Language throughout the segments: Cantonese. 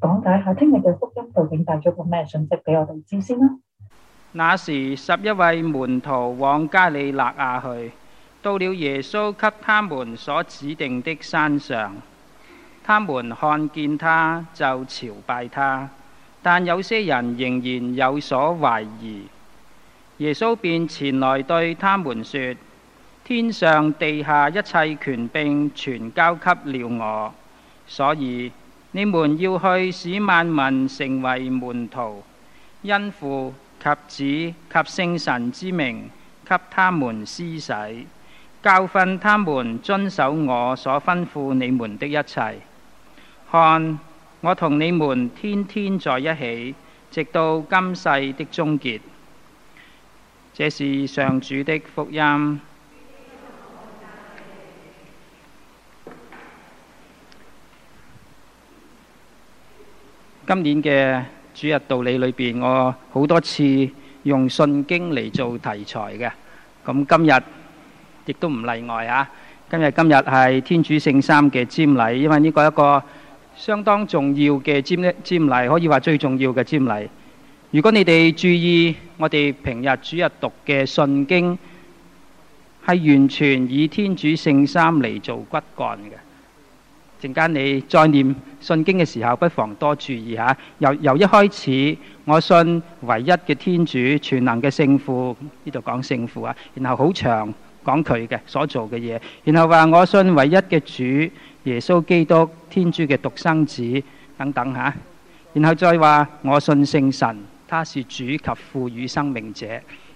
講解下聽日嘅福音究竟帶咗個咩信息俾我哋知先啦。那時十一位門徒往加里肋亞去，到了耶穌給他們所指定的山上，他們看見他就朝拜他，但有些人仍然有所懷疑。耶穌便前來對他們說：天上地下一切權柄全交給了我，所以。你們要去使萬民成為門徒，因父及子及聖神之名，給他們施洗，教訓他們遵守我所吩咐你們的一切。看，我同你們天天在一起，直到今世的終結。這是上主的福音。今年嘅主日道理裏邊，我好多次用信經嚟做題材嘅，咁今日亦都唔例外啊！今日今日係天主聖三嘅瞻禮，因為呢個係一個相當重要嘅瞻咧、瞻禮，可以話最重要嘅瞻禮。如果你哋注意我哋平日主日讀嘅信經，係完全以天主聖三嚟做骨幹嘅。陣間你再念信經嘅時候，不妨多注意下。由由一開始，我信唯一嘅天主，全能嘅聖父，呢度講聖父啊。然後好長講佢嘅所做嘅嘢。然後話我信唯一嘅主耶穌基督，天主嘅獨生子等等吓。然後再話我信聖神，他是主及賦予生命者。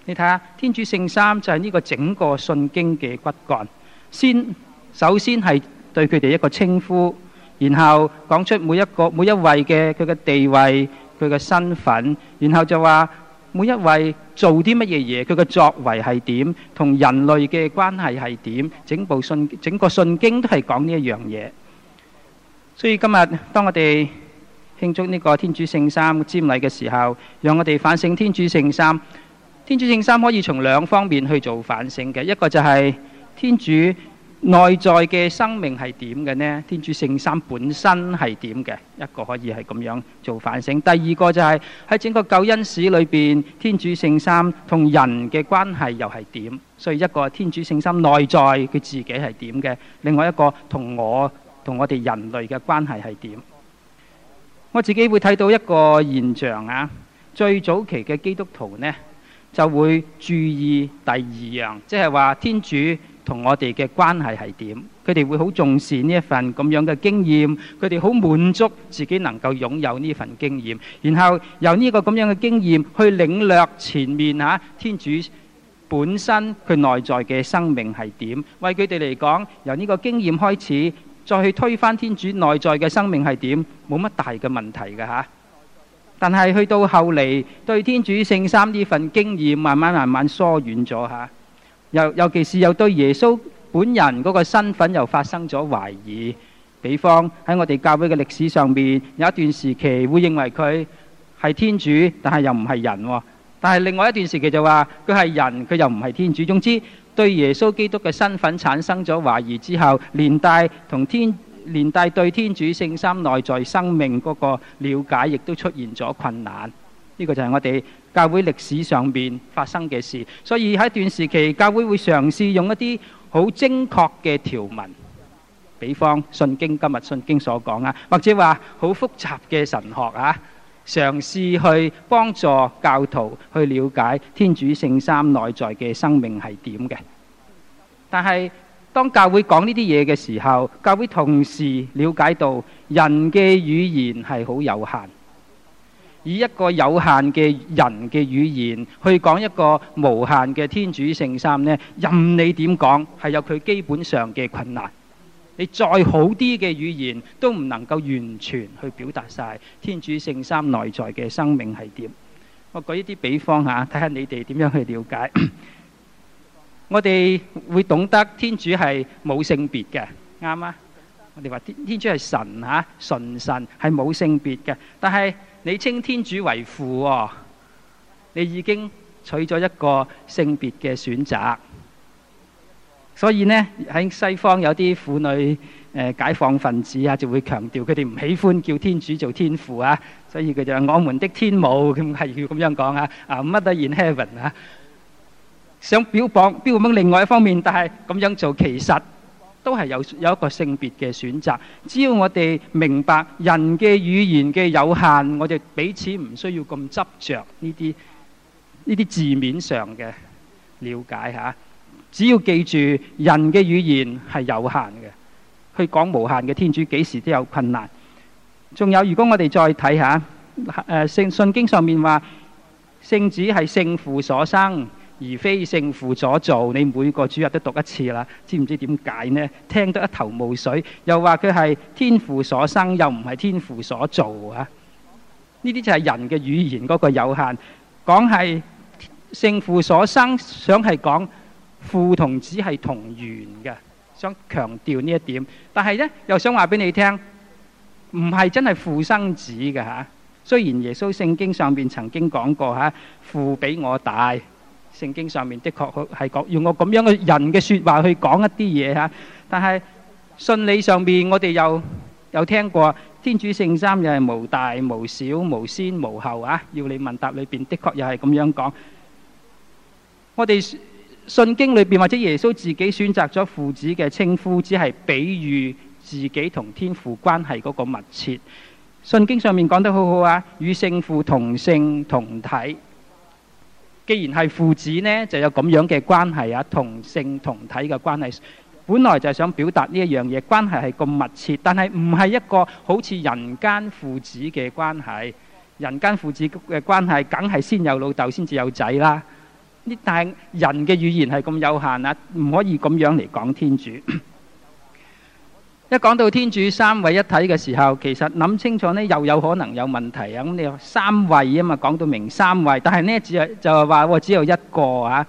你睇下，天主聖三就係呢個整個信經嘅骨幹。先首先係。對佢哋一個稱呼，然後講出每一個每一位嘅佢嘅地位、佢嘅身份，然後就話每一位做啲乜嘢嘢，佢嘅作為係點，同人類嘅關係係點。整部信整個信經都係講呢一樣嘢。所以今日當我哋慶祝呢個天主聖三瞻禮嘅時候，讓我哋反省天主聖三。天主聖三可以從兩方面去做反省嘅，一個就係天主。內在嘅生命係點嘅呢？天主聖三本身係點嘅？一個可以係咁樣做反省。第二個就係、是、喺整個救恩史裏邊，天主聖三同人嘅關係又係點？所以一個天主聖三內在佢自己係點嘅？另外一個同我同我哋人類嘅關係係點？我自己會睇到一個現象啊！最早期嘅基督徒呢，就會注意第二樣，即係話天主。同我哋嘅關係係點？佢哋會好重視呢一份咁樣嘅經驗，佢哋好滿足自己能夠擁有呢份經驗，然後由呢個咁樣嘅經驗去領略前面吓、啊、天主本身佢內在嘅生命係點。為佢哋嚟講，由呢個經驗開始，再去推翻天主內在嘅生命係點，冇乜大嘅問題嘅吓、啊。但係去到後嚟，對天主聖三呢份經驗，慢慢慢慢疏遠咗吓。啊又尤其是又對耶穌本人嗰個身份又發生咗懷疑，比方喺我哋教會嘅歷史上邊，有一段時期會認為佢係天主，但係又唔係人，哦。但係另外一段時期就話佢係人，佢又唔係天主。總之，對耶穌基督嘅身份產生咗懷疑之後，連帶同天連帶對天主聖心內在生命嗰個了解，亦都出現咗困難。呢個就係我哋教會歷史上邊發生嘅事，所以喺段時期，教會會嘗試用一啲好精確嘅條文，比方《信經》，今日《信經》所講啊，或者話好複雜嘅神學啊，嘗試去幫助教徒去了解天主聖三內在嘅生命係點嘅。但係當教會講呢啲嘢嘅時候，教會同時了解到人嘅語言係好有限。以一個有限嘅人嘅語言去講一個無限嘅天主聖三呢，任你點講，係有佢基本上嘅困難。你再好啲嘅語言都唔能夠完全去表達晒天主聖三內在嘅生命係點。我舉一啲比方吓，睇下你哋點樣去了解。 我哋會懂得天主係冇性別嘅，啱啊？我哋話天天主係神吓，純神係冇性別嘅，但係。你稱天主為父，哦，你已經取咗一個性別嘅選擇。所以呢，喺西方有啲婦女誒、呃、解放分子啊，就會強調佢哋唔喜歡叫天主做天父啊。所以佢就係、是、我們的天母，咁係要咁樣講啊。啊乜都 in heaven 啊，想標榜，標榜另外一方面，但係咁樣做其實。都係有有一個性別嘅選擇。只要我哋明白人嘅語言嘅有限，我哋彼此唔需要咁執着呢啲呢啲字面上嘅了解嚇。只要記住人嘅語言係有限嘅，去講無限嘅天主幾時都有困難。仲有，如果我哋再睇下，誒聖、信經上面話聖子係聖父所生。而非聖父所造，你每個主日都讀一次啦。知唔知點解呢？聽得一頭霧水，又話佢係天父所生，又唔係天父所造啊？呢啲就係人嘅語言嗰個有限，講係聖父所生，想係講父同子係同源嘅，想強調呢一點。但係呢又想話俾你聽，唔係真係父生子嘅吓。雖然耶穌聖經上邊曾經講過吓，父比我大。聖經上面的確好係講用我咁樣嘅人嘅說話去講一啲嘢吓，但係信理上面，我哋又有聽過天主聖三又係無大無小無先無後啊，要你問答裏邊的確又係咁樣講。我哋信，信經裏邊或者耶穌自己選擇咗父子嘅稱呼，只係比喻自己同天父關係嗰個密切。信經上面講得好好啊，與聖父同性同體。既然係父子呢，就有咁樣嘅關係啊，同性同體嘅關係，本來就想表達呢一樣嘢，關係係咁密切，但係唔係一個好似人間父子嘅關係，人間父子嘅關係，梗係先有老豆先至有仔啦。但係人嘅語言係咁有限啊，唔可以咁樣嚟講天主。一講到天主三位一體嘅時候，其實諗清楚呢，又有可能有問題啊！咁你三位啊嘛，講到明三位，但係呢，只係就係話我只有一個啊！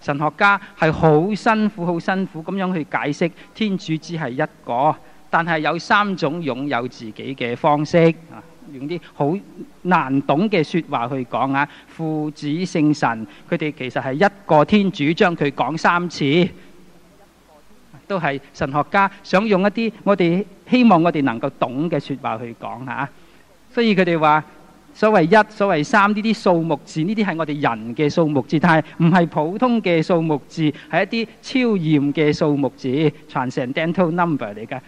神學家係好辛苦、好辛苦咁樣去解釋天主只係一個，但係有三種擁有自己嘅方式啊！用啲好難懂嘅説話去講啊，父子聖神，佢哋其實係一個天主，將佢講三次。都係神學家想用一啲我哋希望我哋能夠懂嘅説話去講吓，啊，所以佢哋話所謂一、所謂三呢啲數目字，呢啲係我哋人嘅數目字，但係唔係普通嘅數目字，係一啲超驗嘅數目字，transcendental number 嚟噶。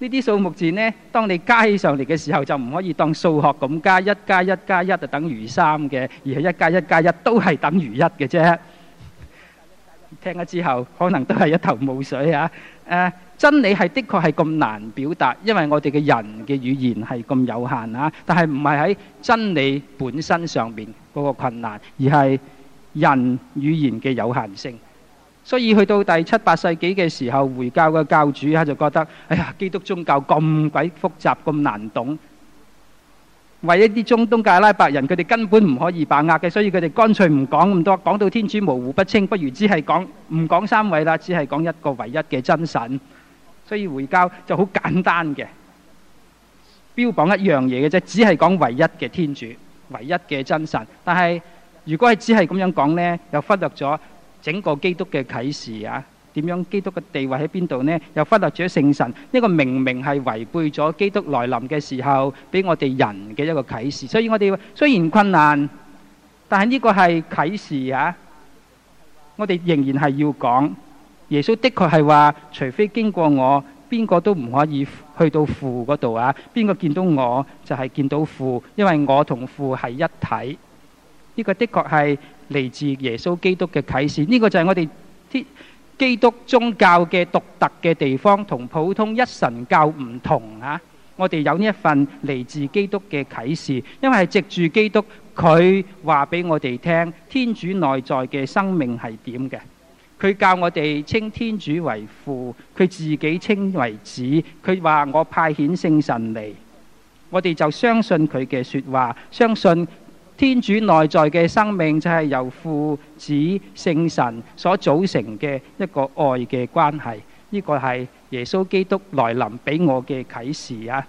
呢啲數目字呢，當你加起上嚟嘅時候，就唔可以當數學咁加，加一加一加一就等於三嘅，而係一加一加一都係等於一嘅啫。聽咗之後，可能都係一頭霧水啊！誒，真理係的確係咁難表達，因為我哋嘅人嘅語言係咁有限啊。但係唔係喺真理本身上面嗰個困難，而係人語言嘅有限性。所以去到第七、八世紀嘅時候，回教嘅教主啊，就覺得：哎呀，基督宗教咁鬼複雜，咁難懂。為一啲中東、阿拉伯人，佢哋根本唔可以把握嘅，所以佢哋乾脆唔講咁多，講到天主模糊不清，不如只係講唔講三位啦，只係講一個唯一嘅真神。所以回教就好簡單嘅，標榜一樣嘢嘅啫，只係講唯一嘅天主，唯一嘅真神。但係如果係只係咁樣講呢，又忽略咗整個基督嘅啟示啊！點樣基督嘅地位喺邊度呢？又忽略咗聖神呢個明明係違背咗基督來臨嘅時候俾我哋人嘅一個啟示。所以我哋雖然困難，但係呢個係啟示啊！我哋仍然係要講耶穌的確係話，除非經過我，邊個都唔可以去到父嗰度啊！邊個見到我，就係見到父，因為我同父係一體。呢個的確係嚟自耶穌基督嘅啟示。呢個就係我哋基督宗教嘅獨特嘅地方同普通一神教唔同啊！我哋有一份嚟自基督嘅啟示，因為係藉住基督，佢話俾我哋聽天主內在嘅生命係點嘅。佢教我哋稱天主為父，佢自己稱為子。佢話我派遣聖神嚟，我哋就相信佢嘅說話，相信。天主內在嘅生命就係由父子聖神所組成嘅一個愛嘅關係，呢個係耶穌基督來臨俾我嘅啟示啊！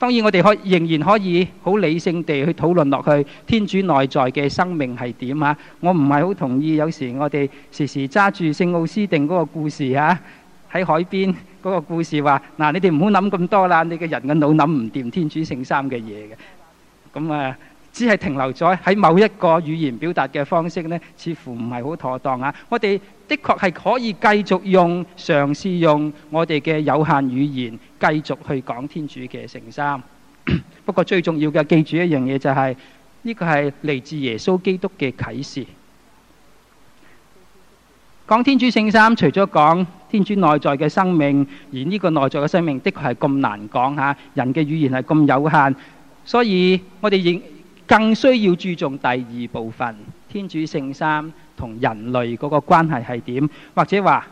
當然我哋可仍然可以好理性地去討論落去天主內在嘅生命係點啊！我唔係好同意有時我哋時時揸住聖奧斯定嗰個故事啊，喺海邊嗰個故事話嗱，你哋唔好諗咁多啦，你嘅人嘅腦諗唔掂天主聖三嘅嘢嘅，咁啊～只係停留咗喺某一個語言表達嘅方式呢，似乎唔係好妥當啊！我哋的確係可以繼續用，嘗試用我哋嘅有限語言繼續去講天主嘅聖三。不過最重要嘅，記住一樣嘢就係呢個係嚟自耶穌基督嘅啟示。講天主聖三，除咗講天主內在嘅生命，而呢個內在嘅生命的確係咁難講嚇，人嘅語言係咁有限，所以我哋應，更需要注重第二部分，天主聖三同人類嗰個關係係點，或者話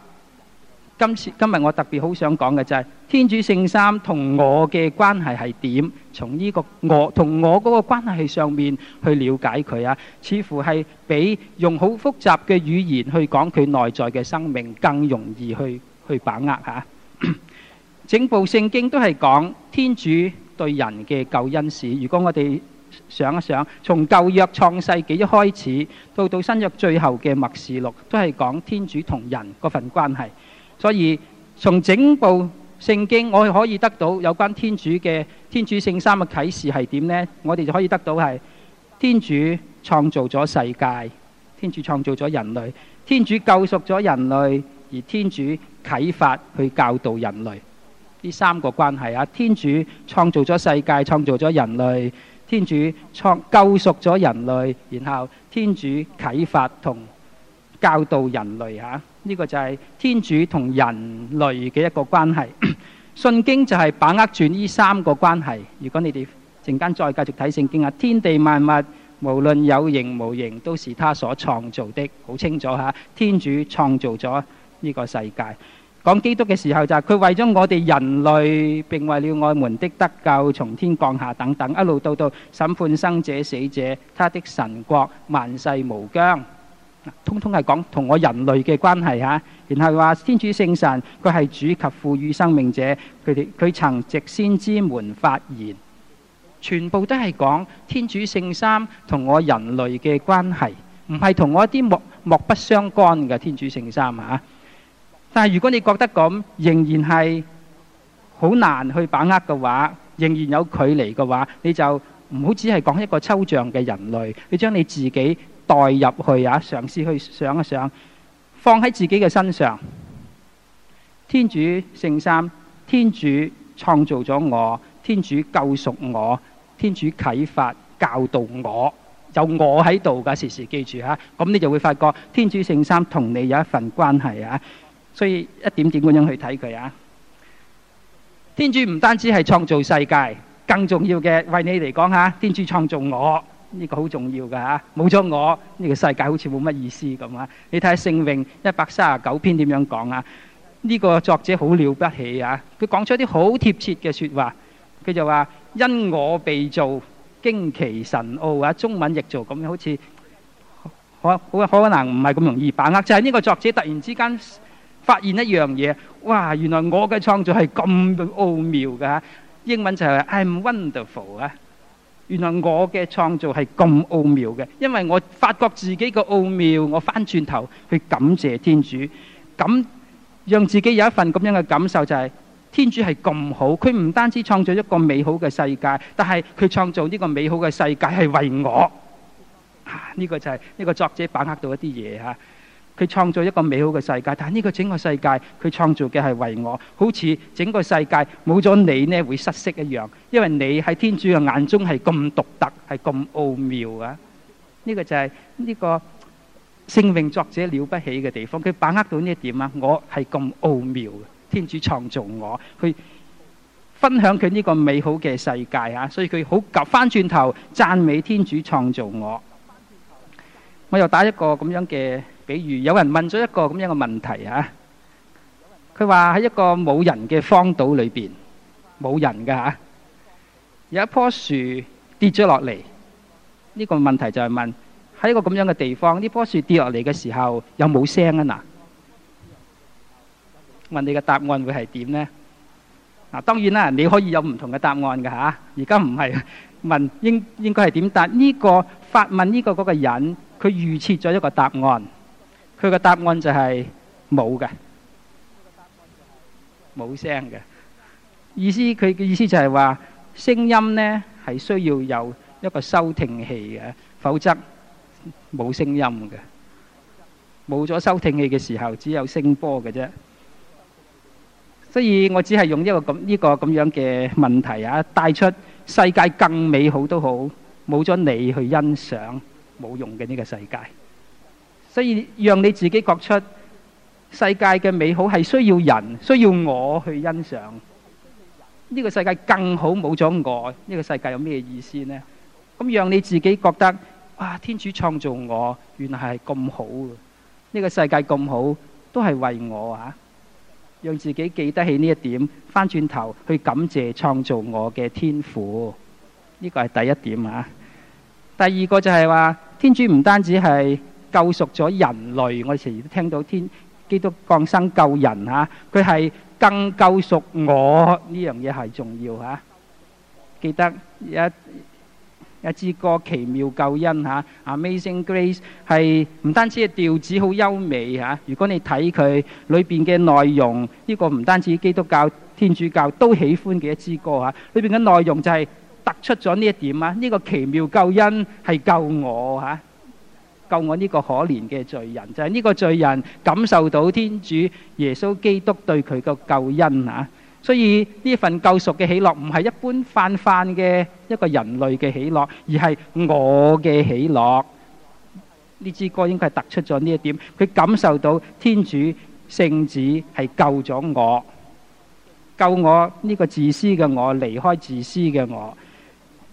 今次今日我特別好想講嘅就係、是、天主聖三同我嘅關係係點，從呢個我同我嗰個關係上面去了解佢啊。似乎係比用好複雜嘅語言去講佢內在嘅生命，更容易去去把握吓。 整部聖經都係講天主對人嘅救恩史。如果我哋。想一想，從舊約創世紀一開始到到新約最後嘅默示錄，都係講天主同人嗰份關係。所以從整部聖經，我哋可以得到有關天主嘅天主聖三嘅啟示係點呢？我哋就可以得到係天主創造咗世界，天主創造咗人類，天主救贖咗人類，而天主啟發去教導人類，呢三個關係啊！天主創造咗世界，創造咗人類。天主創救贖咗人類，然後天主啟發同教導人類吓，呢、啊，這個就係天主同人類嘅一個關係。 信經就係把握住呢三個關係。如果你哋陣間再繼續睇聖經啊，天地萬物無論有形無形，都是他所創造的，好清楚吓、啊。天主創造咗呢個世界。講基督嘅時候就係佢為咗我哋人類，並為了我們的得救從天降下等等一路到到審判生者死者，他的神國萬世無疆，通通係講同我人類嘅關係吓、啊。然後話天主聖神佢係主及賦予生命者，佢哋佢曾藉先知們發言，全部都係講天主聖三同我人類嘅關係，唔係同我啲莫莫不相干嘅天主聖三啊。但係，如果你覺得咁仍然係好難去把握嘅話，仍然有距離嘅話，你就唔好只係講一個抽象嘅人類，你將你自己代入去啊，嘗試去想一想，放喺自己嘅身上。天主聖三，天主創造咗我，天主救贖我，天主啟發教導我，有我喺度㗎，時時記住啊！咁你就會發覺天主聖三同你有一份關係啊！所以一點點咁樣去睇佢啊！天主唔單止係創造世界，更重要嘅為你嚟講嚇，天主創造我呢、這個好重要噶嚇，冇、啊、咗我呢、這個世界好似冇乜意思咁啊！你睇聖詠一百三十九篇點樣講啊？呢、這個作者好了不起啊！佢講出一啲好貼切嘅説話，佢就話因我被造，驚奇神奧啊！中文譯做咁樣，好似可好可能唔係咁容易把握，就係、是、呢個作者突然之間。發現一樣嘢，哇！原來我嘅創造係咁奧妙㗎，英文就係 I'm wonderful 啊！原來我嘅創造係咁奧妙嘅。因為我發覺自己個奧妙，我翻轉頭去感謝天主，咁讓自己有一份咁樣嘅感受就係天主係咁好，佢唔單止創造一個美好嘅世界，但係佢創造呢個美好嘅世界係為我，呢個就係呢個作者把握到一啲嘢吓。佢創造一個美好嘅世界，但係呢個整個世界佢創造嘅係為我，好似整個世界冇咗你呢會失色一樣，因為你喺天主嘅眼中係咁獨特，係咁奧妙啊！呢、這個就係、是、呢、這個聖詠作者了不起嘅地方，佢把握到呢一點啊！我係咁奧妙，天主創造我，佢分享佢呢個美好嘅世界啊！所以佢好及返轉頭讚美天主創造我，我又打一個咁樣嘅。比如有人問咗一個咁樣嘅問題啊，佢話喺一個冇人嘅荒島裏邊冇人噶吓、啊，有一棵樹跌咗落嚟。呢個問題就係問喺一個咁樣嘅地方，呢棵樹跌落嚟嘅時候有冇聲啊？嗱，問你嘅答案會係點呢？嗱、啊，當然啦，你可以有唔同嘅答案噶吓。而家唔係問應應該係點，但呢個發問呢個嗰個人佢預設咗一個答案。佢個答案就係冇嘅，冇聲嘅意思。佢嘅意思就係話，聲音呢係需要有一個收聽器嘅，否則冇聲音嘅，冇咗收聽器嘅時候只有聲波嘅啫。所以我只係用一個咁呢個咁樣嘅問題啊，帶出世界更美好都好，冇咗你去欣賞冇用嘅呢個世界。所以讓你自己覺出世界嘅美好係需要人，需要我去欣賞呢個世界更好。冇咗我，呢個世界有咩意思呢？咁讓你自己覺得啊，天主創造我，原來係咁好，呢個世界咁好都係為我啊！讓自己記得起呢一點，翻轉頭去感謝創造我嘅天父，呢個係第一點啊。第二個就係話天主唔單止係。救贖咗人類，我哋成日都聽到天基督降生救人吓，佢、啊、係更救贖我呢樣嘢係重要吓、啊。記得一一支歌《奇妙救恩》吓、啊《Amazing Grace》係唔單止調子好優美吓、啊，如果你睇佢裏邊嘅內容，呢、呢個唔單止基督教、天主教都喜歡嘅一支歌吓、啊，裏邊嘅內容就係、是、突出咗呢一點啊！呢、呢個奇妙救恩係救我吓。啊救我呢個可憐嘅罪人，就係、是、呢個罪人感受到天主耶穌基督對佢嘅救恩啊！所以呢份救贖嘅喜樂唔係一般泛泛嘅一個人類嘅喜樂，而係我嘅喜樂。呢支歌應該係突出咗呢一點，佢感受到天主聖子係救咗我，救我呢個自私嘅我離開自私嘅我。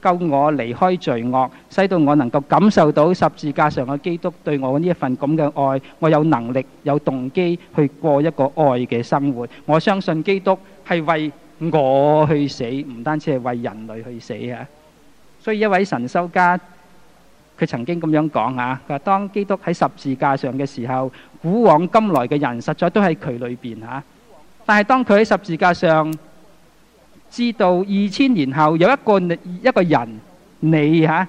救我離開罪惡，使到我能夠感受到十字架上嘅基督對我呢一份咁嘅愛，我有能力有動機去過一個愛嘅生活。我相信基督係為我去死，唔單止係為人類去死啊！所以一位神修家，佢曾經咁樣講啊，佢話當基督喺十字架上嘅時候，古往今來嘅人實在都喺佢裏邊啊。但係當佢喺十字架上。知道二千年後有一個一個人，你吓、啊、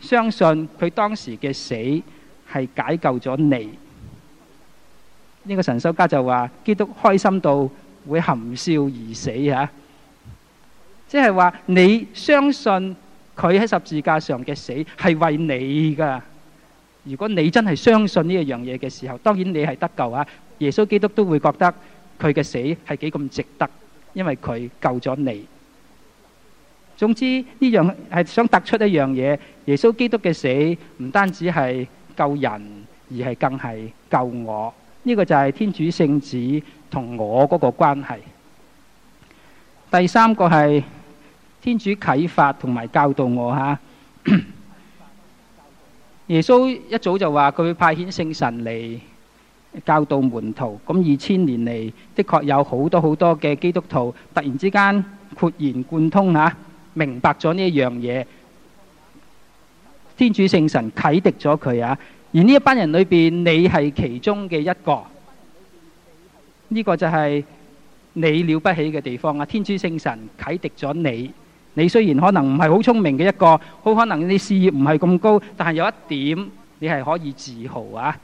相信佢當時嘅死係解救咗你。呢、這個神修家就話：基督開心到會含笑而死吓、啊，即係話你相信佢喺十字架上嘅死係為你噶。如果你真係相信呢一樣嘢嘅時候，當然你係得救啊！耶穌基督都會覺得佢嘅死係幾咁值得。因為佢救咗你。總之，呢樣係想突出一樣嘢，耶穌基督嘅死唔單止係救人，而係更係救我。呢、呢個就係天主聖子同我嗰個關係。第三個係天主啟發同埋教導我吓。 耶穌一早就話佢會派遣聖神嚟，教導門徒，咁二千年嚟的確有好多好多嘅基督徒，突然之間豁然貫通吓、啊，明白咗呢一樣嘢，天主聖神啟迪咗佢啊！而呢一班人裏邊，你係其中嘅一個，呢個，個就係你了不起嘅地方啊！天主聖神啟迪咗你，你雖然可能唔係好聰明嘅一個，好可能你事業唔係咁高，但係有一點你係可以自豪啊！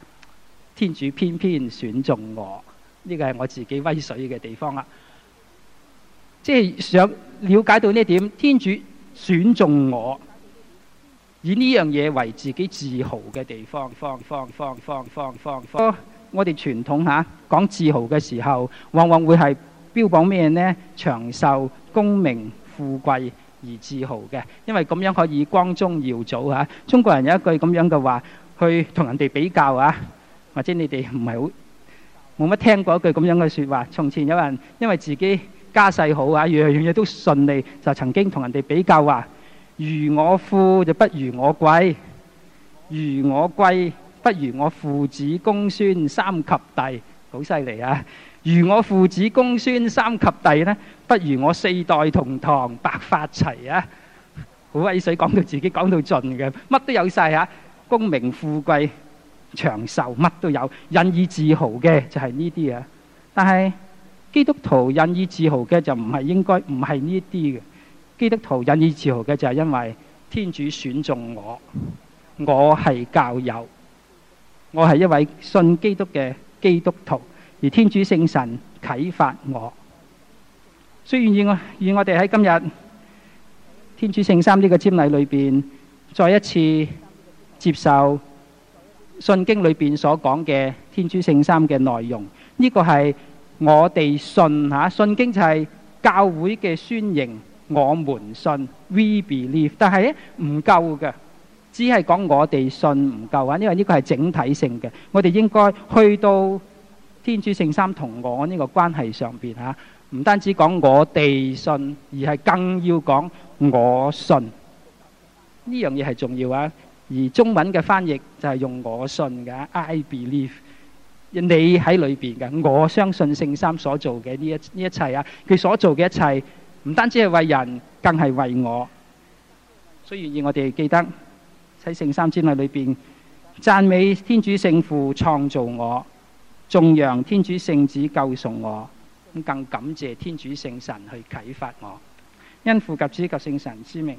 天主偏偏選中我，呢個係我自己威水嘅地方啦。即係想了解到呢點，天主選中我，以呢樣嘢為自己自豪嘅地方，方方方方方方方,方,方。我哋傳統嚇、啊、講自豪嘅時候，往往會係標榜咩呢？長壽、功名、富貴而自豪嘅，因為咁樣可以光宗耀祖嚇、啊。中國人有一句咁樣嘅話，去同人哋比較啊！或者你哋唔係好冇乜聽過一句咁樣嘅說話。從前有人因為自己家世好啊，樣樣嘢都順利，就曾經同人哋比較話啊：如我富就不如我貴；如我貴不如我父子公孫三及第，好犀利啊！如我父子公孫三及第呢，不如我四代同堂白髮齊啊！好威水，講到自己講到盡嘅，乜都有晒吓啊，功名富貴。長壽乜都有，引以自豪嘅就係呢啲啊。但係基督徒引以自豪嘅就唔係應該唔係呢啲嘅。基督徒引以自豪嘅就係因為天主選中我，我係教友，我係一位信基督嘅基督徒，而天主聖神啟發我。所以願意，願意我願我哋喺今日天，天主聖三呢個典禮裏邊，再一次接受。信經裏邊所講嘅天主聖三嘅內容，呢個係我哋信吓。啊，信經就係教會嘅宣言，我們信 We believe，但係咧唔夠嘅，只係講我哋信唔夠啊，因為呢個係整體性嘅，我哋應該去到天主聖三同我呢個關係上邊吓，啊，唔單止講我哋信，而係更要講我信，呢樣嘢係重要啊。而中文嘅翻譯就係用我信嘅 I believe，你喺裏邊嘅，我相信聖三所做嘅呢一呢一切啊，佢所做嘅一切，唔單止係為人，更係為我。所以而我哋記得喺聖三之內裏邊，讚美天主聖父創造我，頌揚天主聖子救贖我，咁更感謝天主聖神去啟發我，因父及子及聖神之名。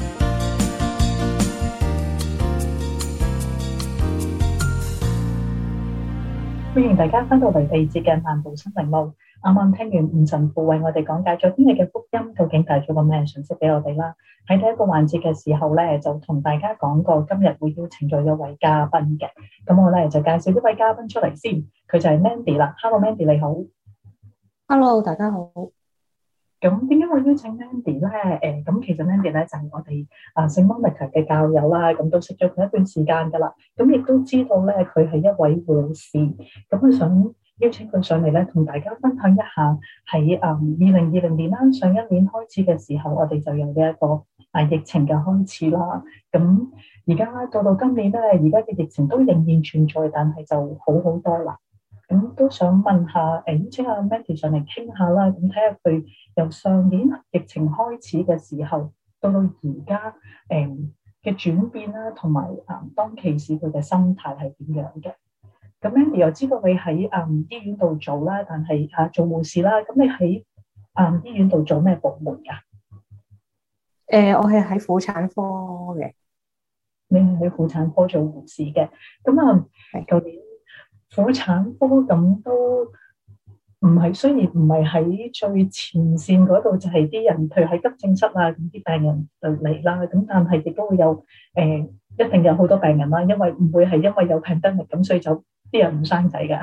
歡迎大家翻到嚟第二節嘅漫步心靈路。啱啱聽完吳神父為我哋講解咗今日嘅福音，究竟帶咗個咩信息俾我哋啦？喺第一個環節嘅時候咧，就同大家講過今日會邀請咗一位嘉賓嘅。咁我咧就介紹呢位嘉賓出嚟先，佢就係 Mandy 啦。Hello，Mandy 你好。Hello，大家好。咁點解我邀請 Mandy 咧？誒咁其實 Mandy 咧就係我哋啊聖 Monica 嘅教友啦，咁都識咗佢一段時間噶啦，咁亦都知道咧佢係一位護士，咁佢想邀請佢上嚟咧，同大家分享一下喺誒二零二零年啦，上一年開始嘅時候，我哋就有呢一個啊疫情嘅開始啦。咁而家到到今年咧，而家嘅疫情都仍然存在，但係就好好多啦。咁、嗯、都想問下誒，邀請阿 Mandy 上嚟傾下啦。咁睇下佢由上年疫情開始嘅時候，到到而家誒嘅轉變啦，同埋啊，當其時佢嘅心態係點樣嘅？咁 Mandy 又知道你喺啊、嗯、醫院度做啦，但係啊做護士啦。咁你喺啊、嗯、醫院度做咩部門噶？誒、呃，我係喺婦產科嘅，你係喺婦產科做護士嘅。咁啊，舊年。婦產科咁都唔係，雖然唔係喺最前線嗰度，就係、是、啲人譬如喺急症室啊，咁啲病人就嚟啦。咁但係亦都會有誒、呃，一定有好多病人啦，因為唔會係因為有病得力咁，所以就啲人唔生仔噶。咁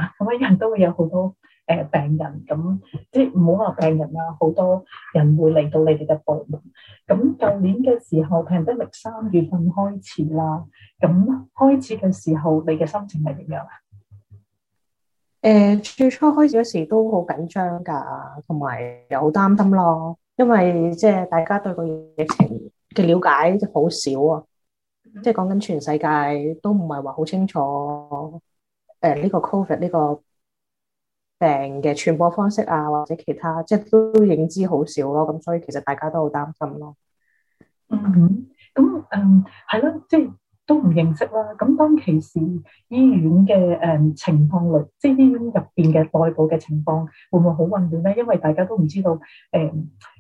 啊，人都會有好多誒、呃、病人咁，即係唔好話病人啦，好多人會嚟到你哋嘅部門。咁舊年嘅時候，病得力三月份開始啦，咁開始嘅時候，你嘅心情係點樣？誒、呃，最初開始嗰時都好緊張噶，同埋又好擔心咯，因為即係大家對個疫情嘅了解好少啊，即係講緊全世界都唔係話好清楚，誒、呃、呢、這個 COVID 呢個病嘅傳播方式啊或者其他，即、就、係、是、都，都認知好少咯，咁所以其實大家都好擔心咯、嗯。嗯，咁嗯係咯，即係。都唔認識啦，咁當其時醫院嘅誒情況裏，即係醫院入邊嘅內部嘅情況，會唔會好混亂咧？因為大家都唔知道誒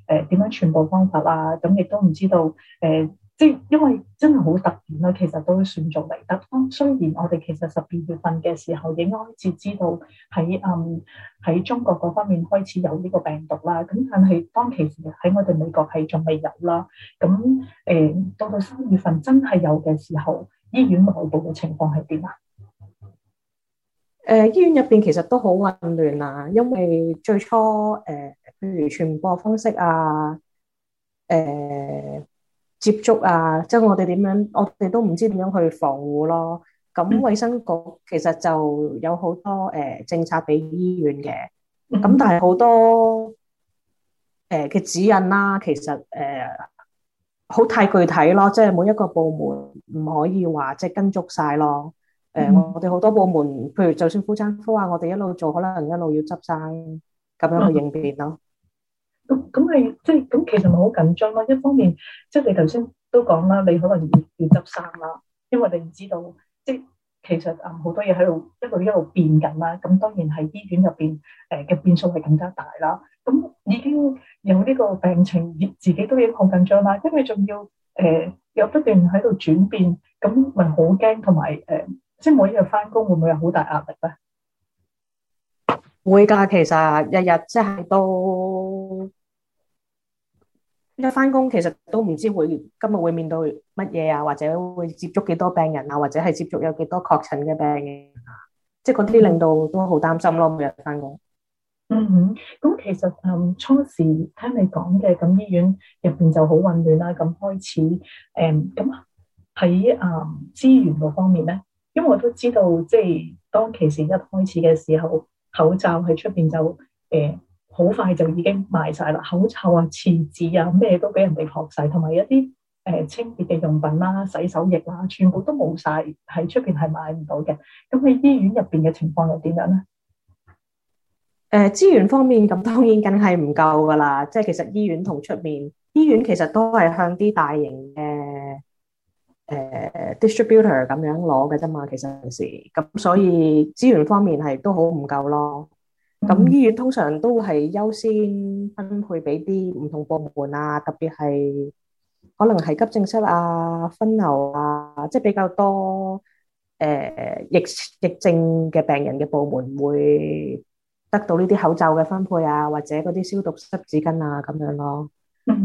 誒點樣傳播方法啊，咁亦都唔知道誒。呃即係因為真係好突然啦，其實都算做嚟得。雖然我哋其實十二月份嘅時候已經開始知道喺嗯喺中國嗰方面開始有呢個病毒啦，咁但係當其時喺我哋美國係仲未有啦。咁誒，到到三月份真係有嘅時候，醫院內部嘅情況係點啊？誒、呃，醫院入邊其實都好混亂啊，因為最初誒，譬如傳播方式啊，誒、呃。接觸啊，即係我哋點樣，我哋都唔知點樣去防護咯。咁衛生局其實就有好多誒、呃、政策俾醫院嘅，咁但係好多誒嘅、呃、指引啦、啊，其實誒好、呃、太具體咯，即係每一個部門唔可以話即係跟足晒咯。誒、呃，我哋好多部門，譬如就算婦產科啊，我哋一路做，可能一路要執生咁樣去應變咯。咁咁係即係咁，其實咪好緊張咯。一方面，即係你頭先都講啦，你可能要要執生啦，因為你唔知道，即係其實啊好多嘢喺度一路一路變緊啦。咁當然喺醫院入邊誒嘅變數係更加大啦。咁已經有呢個病情，自己都已經好緊張啦。因為仲要誒又、呃、不斷喺度轉變，咁咪好驚，同埋誒即係每日翻工會唔會有好大壓力咧？會㗎，其實日日即係都。天天一翻工，其實都唔知會今日會面對乜嘢啊，或者會接觸幾多病人啊，或者係接觸有幾多確診嘅病人，即係嗰啲令到都好擔心咯。每日翻工，嗯嗯，嗯哼，咁其實誒初時聽你講嘅，咁醫院入邊就好混亂啦。咁開始誒，咁喺誒資源嗰方面咧，因為我都知道，即係當其時一開始嘅時候，口罩喺出邊就誒。嗯好快就已經賣晒啦！口罩啊、廁紙啊、咩都俾人哋學晒，同埋一啲誒、呃、清潔嘅用品啦、啊、洗手液啦、啊，全部都冇晒。喺出邊，係買唔到嘅。咁喺醫院入邊嘅情況又點樣咧？誒、呃、資源方面，咁當然梗係唔夠噶啦。即係其實醫院同出面，醫院其實都係向啲大型嘅誒、呃、distributor 咁樣攞嘅啫嘛。其實平時咁，所以資源方面係都好唔夠咯。咁醫院通常都係優先分配俾啲唔同部門啊，特別係可能係急症室啊、分流啊，即係比較多誒、呃、疫疫症嘅病人嘅部門會得到呢啲口罩嘅分配啊，或者嗰啲消毒濕紙巾啊咁樣咯。嗯、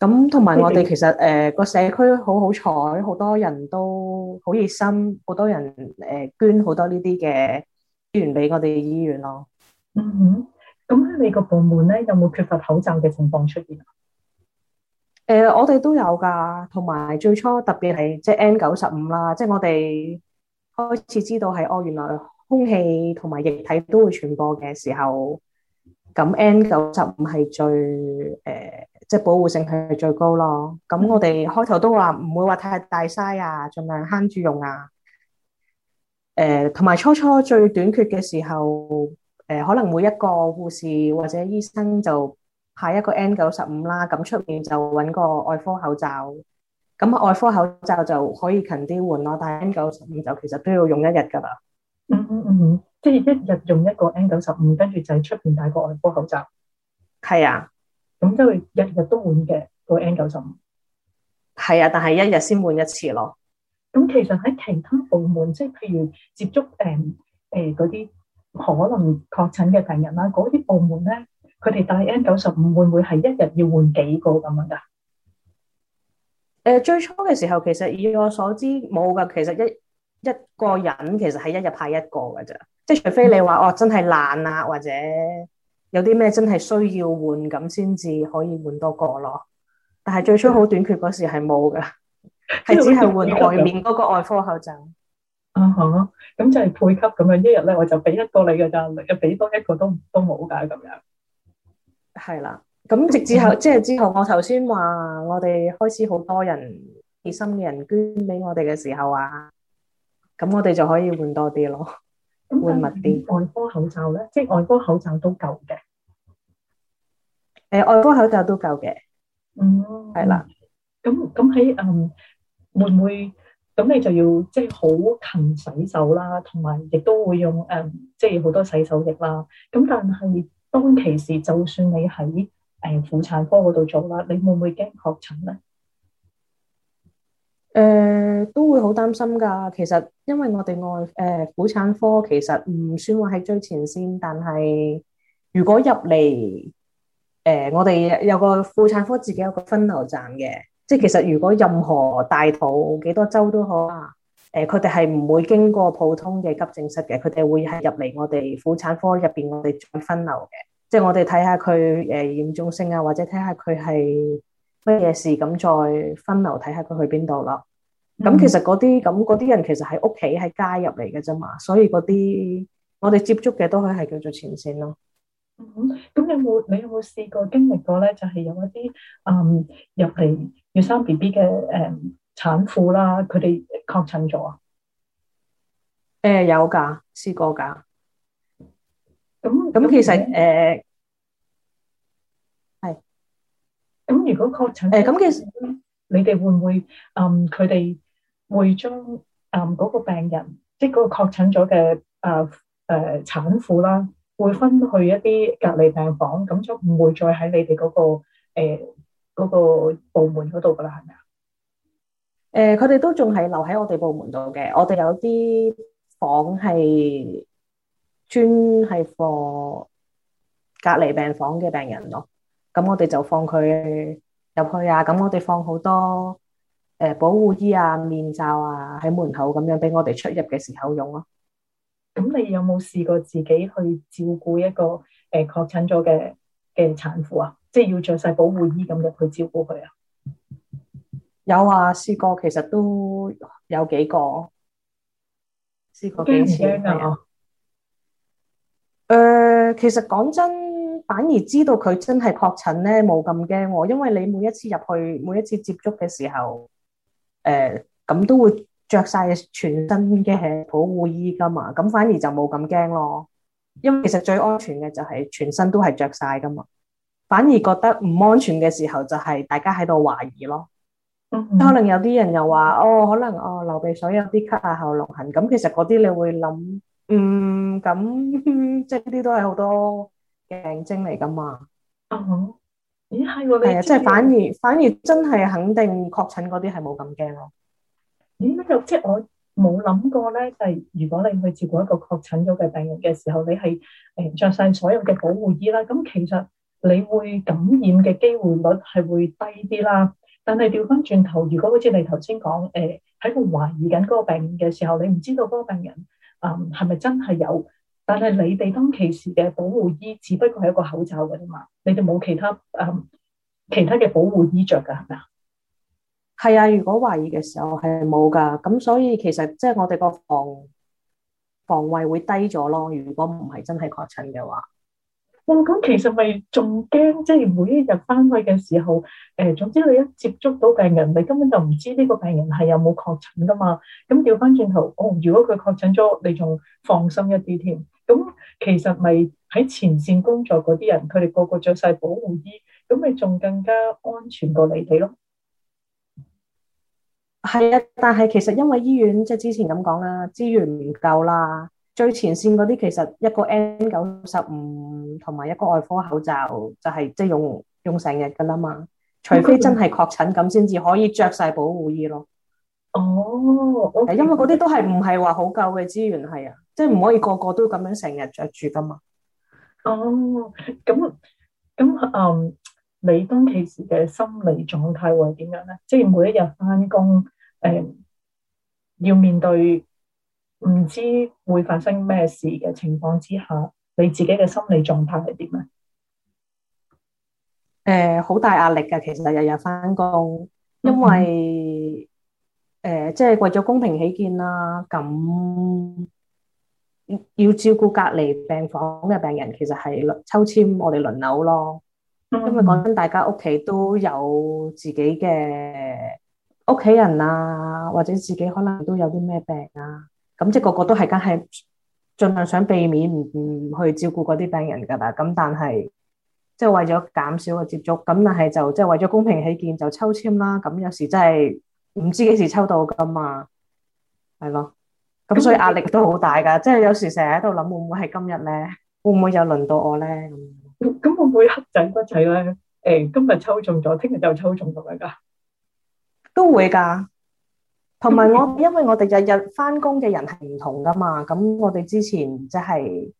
mm，咁同埋我哋其實誒個、呃、社區好好彩，好多人都好熱心，好多人誒、呃、捐好多呢啲嘅。捐俾我哋醫院咯。嗯哼，咁喺你個部門咧，有冇缺乏口罩嘅情況出現啊？誒、呃，我哋都有噶，同埋最初特別係即係 N 九十五啦，即、就、係、是、我哋開始知道係哦，原來空氣同埋液體都會傳播嘅時候，咁 N 九十五係最誒，即、呃、係、就是、保護性係最高咯。咁我哋開頭都話唔會話太大嘥啊，盡量慳住用啊。誒，同埋初初最短缺嘅時候，誒、呃，可能每一個護士或者醫生就派一個 N 九十五啦，咁出面就搵個外科口罩，咁外科口罩就可以勤啲換咯，但係 N 九十五就其實都要用一日噶啦。嗯嗯，嗯，即係一日用一個 N 九十五，跟住就喺出面戴個外科口罩。係啊，咁即係日日都換嘅個 N 九十五。係啊，但係一日先換一次咯。咁其實喺其他部門，即係譬如接觸誒誒嗰啲可能確診嘅病人啦，嗰啲部門咧，佢哋戴 N 九十五會唔會係一日要換幾個咁樣噶？誒、呃、最初嘅時候，其實以我所知冇噶。其實一一個人其實係一日派一個噶啫，即係除非你話哦真係爛啊，或者有啲咩真係需要換咁先至可以換多個咯。但係最初好短缺嗰時係冇噶。係只係，換外面嗰個外科口罩。啊咁就係配給咁樣，一日咧我就俾一個你嘅咋，又俾多一個都都冇㗎咁樣。係啦，咁直至，嗯、即直後即係之後，我頭先話我哋開始好多人熱心嘅人捐俾我哋嘅時候啊，咁我哋就可以換多啲咯，換，嗯、密啲、呃、外科口罩咧，即係外科口罩都夠嘅。誒、呃，外科口罩都夠嘅，嗯的。嗯，係啦，咁咁喺嗯。會唔會咁？你就要即係好勤洗手啦，同埋亦都會用誒，即係好多洗手液啦。咁但係當其時，就算你喺誒婦產科嗰度做啦，你會唔會驚確診咧？誒、呃、都會好擔心㗎。其實因為我哋外誒婦、呃、產科其實唔算話係最前線，但係如果入嚟誒，我哋有個婦產科自己有個分流站嘅。即係其實，如果任何大肚幾多周都好啊，誒、呃，佢哋係唔會經過普通嘅急症室嘅，佢哋會係入嚟我哋婦產科入邊，我哋再分流嘅。即係我哋睇下佢誒嚴重性啊，或者睇下佢係乜嘢事，咁再分流睇下佢去邊度啦。咁其實嗰啲咁嗰啲人其實喺屋企喺街入嚟嘅啫嘛，所以嗰啲我哋接觸嘅都可以係叫做前線咯。嗯哼，咁有冇你有冇試過經歷過咧？就係、是、有一啲嗯入嚟。要生 B B 嘅誒產婦啦，佢哋確診咗啊？誒，有㗎，試過㗎。咁咁那其實誒係。咁如果確診誒咁嘅，呃、其你哋會唔會誒佢哋會將誒嗰個病人，即係嗰個確診咗嘅誒誒產婦啦，會分去一啲隔離病房，咁就唔會再喺你哋嗰、嗰個誒。呃嗰個部門嗰度噶啦，係咪啊？誒，佢哋都仲係留喺我哋部門度嘅。我哋有啲房係專係放隔離病房嘅病人咯。咁我哋就放佢入去啊。咁我哋放好多誒保護衣啊、面罩啊，喺門口咁樣俾我哋出入嘅時候用咯。咁你有冇試過自己去照顧一個誒確診咗嘅？嘅產婦啊，即係要着晒保護衣咁樣去照顧佢啊。有啊，試過其實都有幾個試過幾次誒、啊啊呃，其實講真，反而知道佢真係確診咧，冇咁驚。因為你每一次入去，每一次接觸嘅時候，誒、呃，咁都會着晒全身嘅保護衣噶嘛，咁反而就冇咁驚咯。因為其實最安全嘅就係全身都係着晒噶嘛，反而覺得唔安全嘅時候就係大家喺度懷疑咯。嗯嗯，可能有啲人又話哦，可能哦流鼻水有啲咳啊喉嚨痕，咁其實嗰啲你會諗，嗯，咁、嗯嗯、即係呢啲都係好多嘅病徵嚟噶嘛。哦、嗯，咦係喎你係啊，嗯、是是是即係反而、嗯、反而真係肯定確診嗰啲係冇咁驚咯。咦咩又即係我？嗯嗯嗯嗯冇諗過咧，就係如果你去照顧一個確診咗嘅病人嘅時候，你係誒着晒所有嘅保護衣啦，咁其實你會感染嘅機會率係會低啲啦。但係調翻轉頭，如果好似你頭先講誒，喺度懷疑緊嗰個病人嘅時候，你唔知道嗰個病人誒係咪真係有，但係你哋當其時嘅保護衣只不過係一個口罩噶啫嘛，你哋冇其他誒其他嘅保護衣着噶係咪啊？係啊，如果懷疑嘅時候係冇噶，咁所以其實即係我哋個防防衛會低咗咯。如果唔係真係確診嘅話，哦咁其實咪仲驚，即係每一日翻去嘅時候，誒，總之你一接觸到病人，你根本就唔知呢個病人係有冇確診噶嘛。咁調翻轉頭，哦，如果佢確診咗，你仲放心一啲添。咁其實咪喺前線工作嗰啲人，佢哋個個着晒保護衣，咁咪仲更加安全過你哋咯。係啊，但係其實因為醫院即係之前咁講啦，資源唔夠啦，最前線嗰啲其實一個 N 九十五同埋一個外科口罩就係即係用用成日噶啦嘛，除非真係確診咁先至可以着晒保護衣咯。哦，oh, okay. 因為嗰啲都係唔係話好夠嘅資源係啊，即係唔可以個個都咁樣成日着住噶嘛。哦，oh，咁咁誒。Um 你當其時嘅心理狀態會點樣咧？即係每一日翻工，誒，要面對唔知會發生咩事嘅情況之下，你自己嘅心理狀態係點啊？誒，好大壓力嘅，其實日日翻工，因為誒，即係為咗公平起見啦，咁要照顧隔離病房嘅病人，其實係抽簽，我哋輪流咯。因為講真，大家屋企都有自己嘅屋企人啊，或者自己可能都有啲咩病啊，咁即係個個都係梗係盡量想避免唔去照顧嗰啲病人噶啦。咁但係即係為咗減少個接觸，咁但係就即係、就是、為咗公平起見，就抽簽啦。咁有時真係唔知幾時抽到噶嘛，係咯。咁所以壓力都好大噶。即、就、係、是、有時成日喺度諗，會唔會係今日咧？會唔會有輪到我咧？咁。咁會唔會黑仔骨仔咧？誒、哎，今日抽中咗，聽日就抽中咁樣噶？都會噶。同埋我，因為我哋日日翻工嘅人係唔同噶嘛。咁我哋之前即係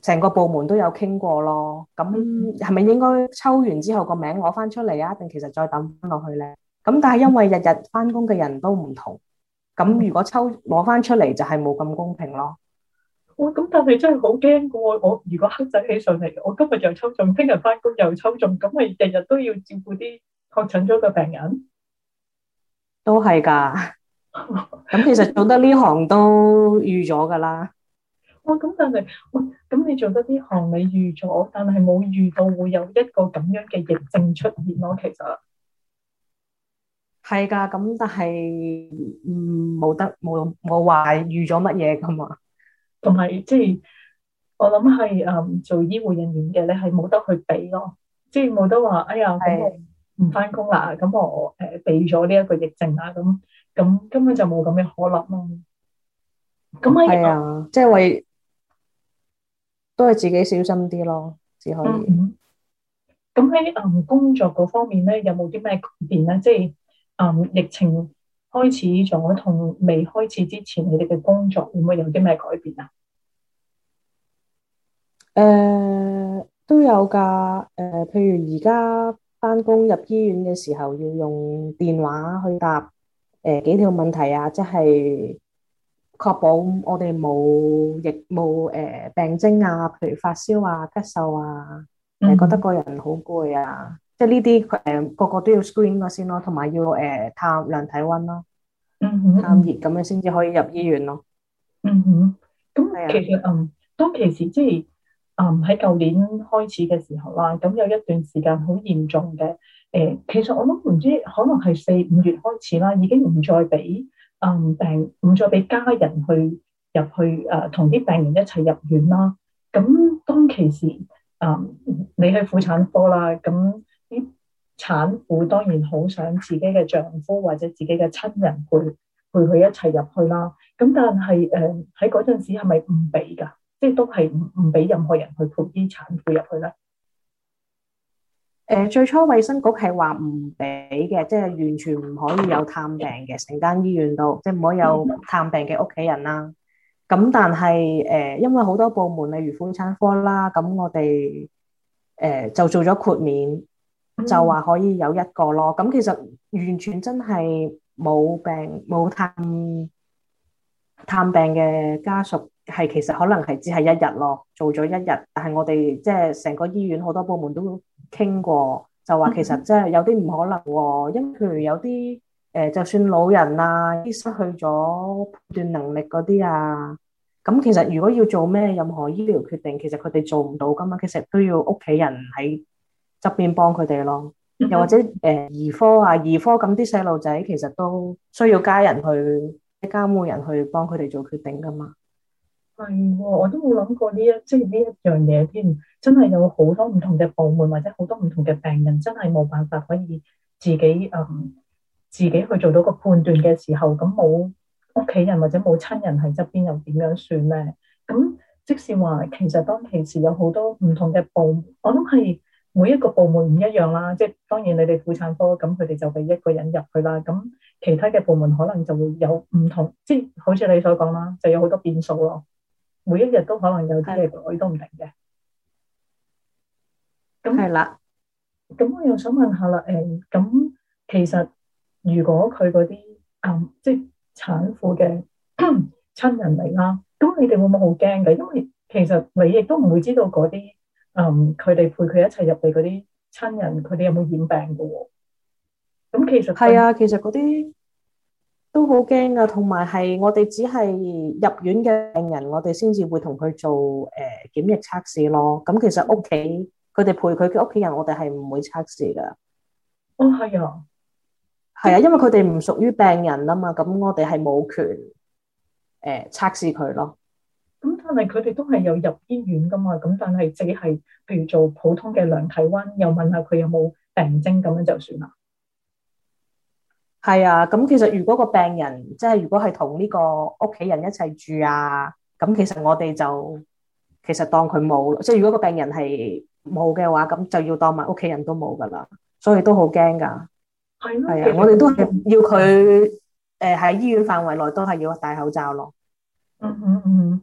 成個部門都有傾過咯。咁係咪應該抽完之後個名攞翻出嚟啊？定其實再等翻落去咧？咁但係因為日日翻工嘅人都唔同，咁如果抽攞翻出嚟就係冇咁公平咯。哦、但真我咁但係真係好驚噶我，如果黑仔起上嚟，我今日又抽中，聽日翻工又抽中，咁咪日日都要照顧啲確診咗嘅病人，都係噶。咁 其實做得呢行都預咗噶啦。我咁、哦、但係咁，你做得呢行你預咗，但係冇遇到會有一個咁樣嘅疫症出現咯。其實係噶，咁但係唔冇得冇冇話預咗乜嘢噶嘛。同埋即係我諗係誒做醫護人員嘅，你係冇得去避咯，即係冇得話哎、呃、哎呀咁我唔返工啦，咁我誒避咗呢一個疫症啦，咁咁根本就冇咁嘅可能咯。咁喺即係為都係自己小心啲咯，只可以。咁喺誒工作嗰方面咧，有冇啲咩改變咧？即係誒、嗯、疫情。開始咗同未開始之前，你哋嘅工作會唔會有啲咩改變啊？誒、呃、都有㗎，誒、呃、譬如而家翻工入醫院嘅時候，要用電話去答誒、呃、幾條問題啊，即係確保我哋冇疫冇誒、呃、病徵啊，譬如發燒啊、咳嗽啊，誒、嗯、哼覺得個人好攰啊。即係呢啲，誒，個個都要 screen 咗先咯，同埋要誒探量體温咯，探熱咁樣先至可以入醫院咯。嗯哼，咁其實嗯的當其時即係嗯喺舊年開始嘅時候啦，咁有一段時間好嚴重嘅誒，其實我諗唔知可能係四五月開始啦，已經唔再俾嗯病，唔再俾家人去入去誒同啲病人一齊入院啦。咁當其時啊，你去婦產科啦，咁。產婦當然好想自己嘅丈夫或者自己嘅親人陪陪佢一齊入去啦。咁但係誒喺嗰陣時係咪唔俾噶？即係都係唔唔俾任何人去陪啲產婦入去咧。誒最初衛生局係話唔俾嘅，即係完全唔可以有探病嘅，成間醫院度即係唔可以有探病嘅屋企人啦。咁但係誒、呃，因為好多部門例如婦產科啦，咁我哋誒、呃、就做咗豁免。就話可以有一個咯，咁其實完全真係冇病冇探探病嘅家屬，係其實可能係只係一日咯，做咗一日。但係我哋即係成個醫院好多部門都傾過，就話其實即係有啲唔可能喎，因為譬如有啲誒，就算老人啊，啲失去咗判斷能力嗰啲啊，咁其實如果要做咩任何醫療決定，其實佢哋做唔到㗎嘛，其實都要屋企人喺側邊幫佢哋咯，又或者誒、呃、兒科啊兒科咁啲細路仔其實都需要家人去一監護人去幫佢哋做決定㗎嘛。係喎，我都冇諗過呢一即係呢一樣嘢，添真係有好多唔同嘅部門或者好多唔同嘅病人，真係冇辦法可以自己誒、呃、自己去做到個判斷嘅時候，咁冇屋企人或者冇親人喺側邊又點樣算咧？咁即使話其實當其時有好多唔同嘅部門，我都係。每一個部門唔一樣啦，即係當然你哋婦產科咁，佢哋就俾一個人入去啦。咁其他嘅部門可能就會有唔同，即係好似你所講啦，就有好多變數咯。每一日都可能有啲嘢改都唔定嘅。咁係啦。咁我又想問下啦，誒，咁其實如果佢嗰啲啊，即係產婦嘅親人嚟啦，咁你哋會唔會好驚嘅？因為其實你亦都唔會知道嗰啲。嗯，佢哋陪佢一齊入嚟嗰啲親人，佢哋有冇染病噶？咁其實係啊，其實嗰啲都好驚啊。同埋係我哋只係入院嘅病人，我哋先至會同佢做誒檢疫測試咯。咁、嗯、其實屋企佢哋陪佢嘅屋企人，我哋係唔會測試噶。哦，係啊，係啊，因為佢哋唔屬於病人啊嘛，咁我哋係冇權誒測試佢咯。因為佢哋都係有入醫院噶嘛，咁但係淨係，譬如做普通嘅量體溫，又問下佢有冇病徵，咁樣就算啦。係啊，咁其實如果個病人即係如果係同呢個屋企人一齊住啊，咁其實我哋就其實當佢冇，即係如果個病人係冇嘅話，咁就要當埋屋企人都冇噶啦，所以都好驚噶。係係啊，啊其實我哋都係要佢誒喺醫院範圍內都係要戴口罩咯。嗯。嗯嗯嗯。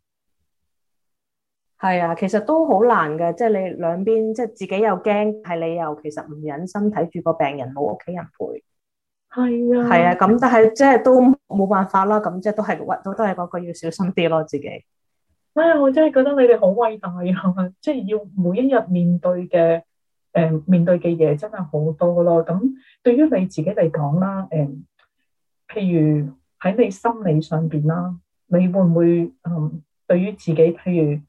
係啊，其實都好難嘅，即係你兩邊，即係自己又驚，係你又其實唔忍心睇住個病人冇屋企人陪。係啊，係啊，咁但係即係都冇辦法啦，咁即係都係屈，都都係嗰個要小心啲咯，自己。哎呀，我真係覺得你哋好偉大啊！即係、就是、要每一日面對嘅，誒、呃，面對嘅嘢真係好多咯。咁對於你自己嚟講啦，誒、呃，譬如喺你心理上邊啦，你會唔會，嗯、呃，對於自己譬如。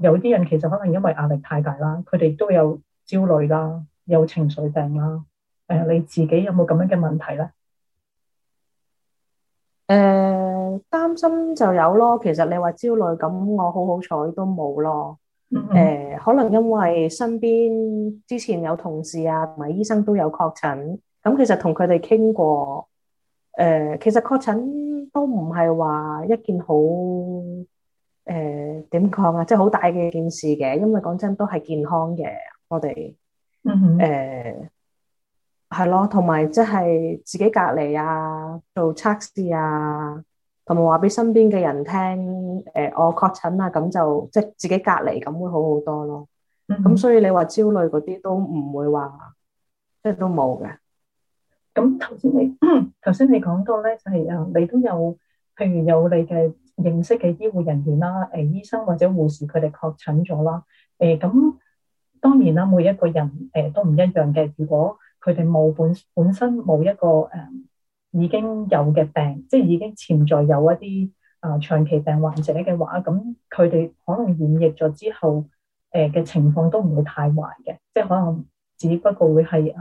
有啲人其實可能因為壓力太大啦，佢哋都有焦慮啦，有情緒病啦。誒，你自己有冇咁樣嘅問題呢？誒、呃，擔心就有咯。其實你話焦慮咁，我好好彩都冇咯。誒、嗯嗯呃，可能因為身邊之前有同事啊同埋醫生都有確診，咁其實同佢哋傾過。誒、呃，其實確診都唔係話一件好。誒，點講啊？即係好大嘅件事嘅，因為講真都係健康嘅，我哋，嗯哼，誒、呃，係咯，同埋即係自己隔離啊，做測試啊，同埋話俾身邊嘅人聽，誒、呃，我確診啊，咁就即係自己隔離，咁會好好多咯。咁、嗯、哼，所以你話焦慮嗰啲都唔會話，即係都冇嘅。咁頭先你頭先你講到咧，就係誒，你都有，譬如有你嘅。認識嘅醫護人員啦，誒醫生或者護士佢哋確診咗啦，誒、欸、咁當然啦，每一個人誒都唔一樣嘅。如果佢哋冇本本身冇一個誒已經有嘅病，即係已經潛在有一啲啊長期病患者嘅話，咁佢哋可能染疫咗之後，誒嘅情況都唔會太壞嘅，即係可能只不過會係誒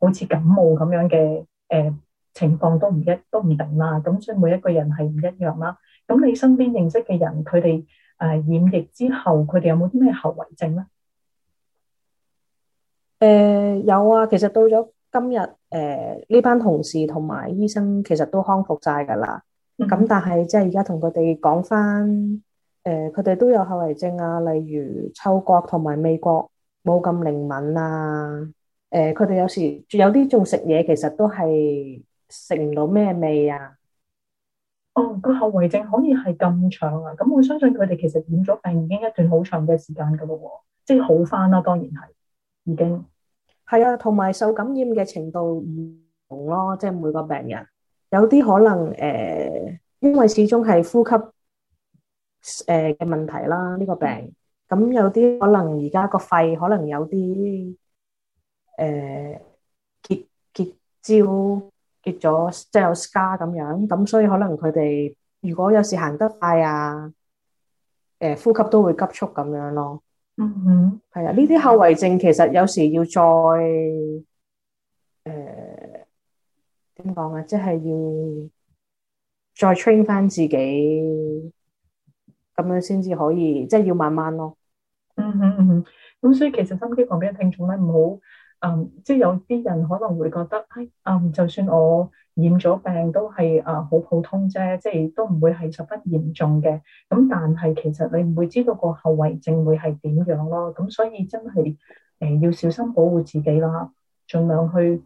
好似感冒咁樣嘅誒情況都唔一都唔定啦。咁所以每一個人係唔一樣啦。咁你身邊認識嘅人，佢哋誒染疫之後，佢哋有冇啲咩後遺症咧？誒、呃、有啊，其實到咗今日，誒、呃、呢班同事同埋醫生其實都康復晒噶啦。咁、嗯、但係即係而家同佢哋講翻，誒佢哋都有後遺症啊，例如嗅覺同埋味覺冇咁靈敏啊。誒佢哋有時有啲仲食嘢，其實都係食唔到咩味啊。哦，個後遺症可以係咁長啊？咁我相信佢哋其實染咗病已經一段好長嘅時間噶咯，即係好翻啦。當然係，已經係啊，同埋受感染嘅程度唔同咯，即係每個病人有啲可能誒、呃，因為始終係呼吸誒嘅問題啦。呢個病咁有啲可能而家個肺可能有啲誒、呃、結結焦。結咗，即係有 scar 咁樣，咁所以可能佢哋如果有時行得快啊，誒，呼吸都會急速咁樣咯。嗯哼，係啊，呢啲後遺症其實有時要再，誒點講啊，即係要再 train 翻自己，咁樣先至可以，即係要慢慢咯。嗯嗯嗯，咁所以其實心機旁邊嘅聽眾咧唔好。嗯，um, 即係有啲人可能會覺得，哎，um, 就算我染咗病都係啊好普通啫，即係都唔會係十分嚴重嘅。咁但係其實你唔會知道個後遺症會係點樣咯。咁所以真係誒、呃、要小心保護自己啦，儘量去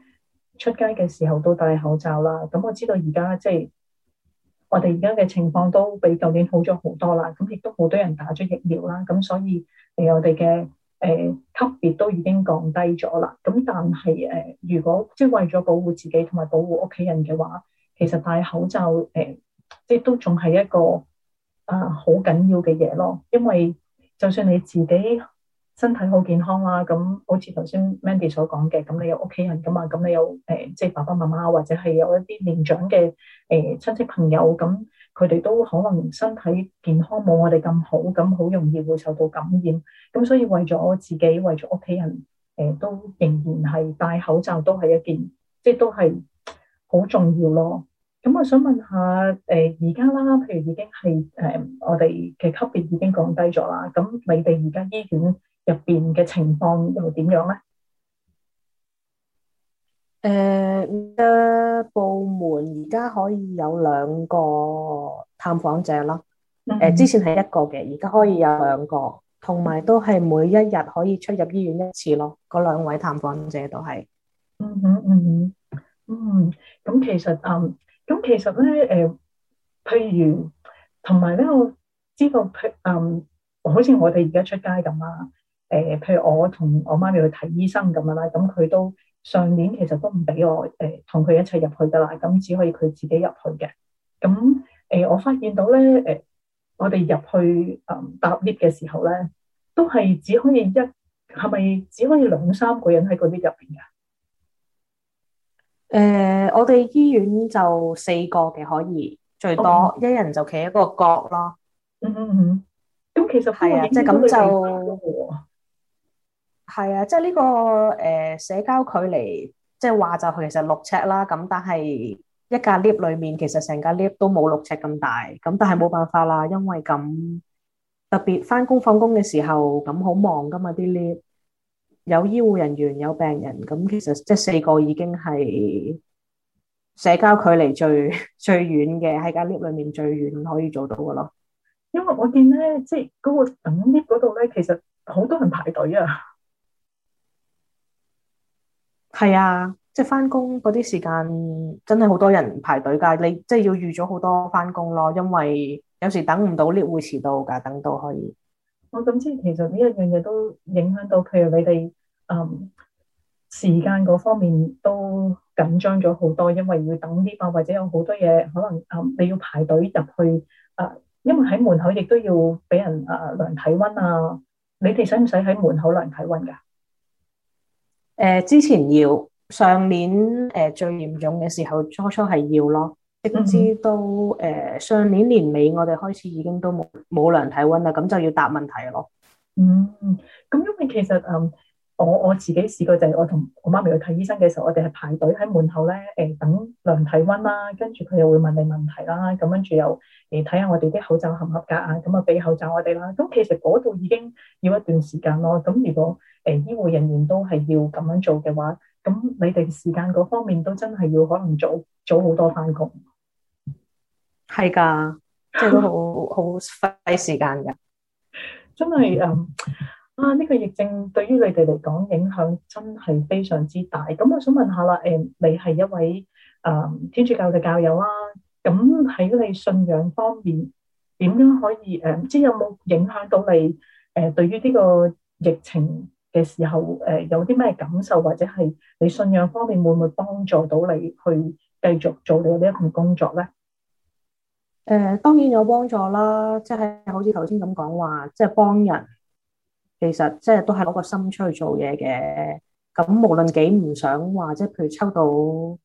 出街嘅時候都戴口罩啦。咁我知道而家即係我哋而家嘅情況都比舊年好咗好多啦。咁亦都好多人打咗疫苗啦。咁所以誒、呃、我哋嘅誒。呃級別都已經降低咗啦，咁但係誒、呃，如果即係為咗保護自己同埋保護屋企人嘅話，其實戴口罩誒、呃，即係都仲係一個啊好緊要嘅嘢咯。因為就算你自己身體好健康啦、啊，咁好似頭先 Mandy 所講嘅，咁你有屋企人噶嘛，咁你有誒、呃、即係爸爸媽媽或者係有一啲年長嘅誒、呃、親戚朋友咁。佢哋都可能身體健康冇我哋咁好，咁好容易會受到感染，咁所以為咗自己，為咗屋企人，誒、呃、都仍然係戴口罩都係一件，即係都係好重要咯。咁我想問下，誒而家啦，譬如已經係誒、呃、我哋嘅級別已經降低咗啦，咁你哋而家醫院入邊嘅情況又點樣咧？誒，嘅、uh, 部門而家可以有兩個探訪者咯。誒、mm，hmm. 之前係一個嘅，而家可以有兩個，同埋都係每一日可以出入醫院一次咯。嗰兩位探訪者都係。嗯哼、mm，嗯、hmm. mm hmm. 嗯。咁其實，嗯，咁其實咧，誒、呃，譬如同埋咧，我知道，譬嗯，好似我哋而家出街咁啦，誒、呃，譬如我同我媽咪去睇醫生咁啦，咁佢都。上年其實都唔俾我誒同佢一齊入去噶啦，咁只可以佢自己入去嘅。咁誒、呃，我發現到咧誒，我哋入去誒、嗯、搭 lift 嘅時候咧，都係只可以一係咪只可以兩三個人喺嗰 lift 入邊嘅？誒、呃，我哋醫院就四個嘅可以最多，一人就企一個角咯。嗯嗯嗯。咁、嗯嗯、其實係啊，即係咁就。係啊，即係呢個誒社交距離，即係話就其實六尺啦。咁但係一架 lift 裏面，其實成架 lift 都冇六尺咁大。咁但係冇辦法啦，因為咁特別翻工放工嘅時候咁好忙噶嘛啲 lift，有醫護人員有病人，咁其實即係四個已經係社交距離最最遠嘅，喺架 lift 裏面最遠可以做到噶咯。因為我見咧，即係嗰個等 lift 嗰度咧，其實好多人排隊啊。係啊，即係翻工嗰啲時間真係好多人排隊噶，你即係要預咗好多翻工咯，因為有時等唔到 lift 會遲到噶，等到可以。我咁知其實呢一樣嘢都影響到，譬如你哋嗯時間嗰方面都緊張咗好多，因為要等 lift 啊，或者有好多嘢可能啊、嗯、你要排隊入去啊、呃，因為喺門口亦都要俾人啊、呃、量體溫啊。你哋使唔使喺門口量體溫噶？誒、呃，之前要上年誒、呃、最嚴重嘅時候，初初係要咯，直至到誒、呃、上年年尾我哋開始已經都冇冇量體温啦，咁就要答問題咯。嗯，咁因為其實誒、嗯，我我自己試過就係我同我媽咪去睇醫生嘅時候，我哋係排隊喺門口咧，誒、呃、等量體温啦、啊，跟住佢又會問你問題啦、啊，咁跟住又嚟睇下我哋啲口罩合唔合格啊，咁啊俾口罩我哋啦、啊。咁其實嗰度已經要一段時間咯。咁如果誒，醫護人員都係要咁樣做嘅話，咁你哋時間嗰方面都真係要可能早早好多返工，係噶，即係都好好費時間嘅，真係誒、 uh, 啊！呢、這個疫症對於你哋嚟講影響真係非常之大。咁我想問下啦，誒、uh,，你係一位誒、uh, 天主教嘅教友啦，咁喺你信仰方面，點樣可以誒？即、uh, 係有冇影響到你誒？Uh, 對於呢個疫情？嘅時候，誒有啲咩感受，或者係你信仰方面會唔會幫助到你去繼續做你嘅呢一份工作咧？誒當然有幫助啦，即係好似頭先咁講話，即係幫人，其實即係都係攞個心出去做嘢嘅。咁無論幾唔想話，即係譬如抽到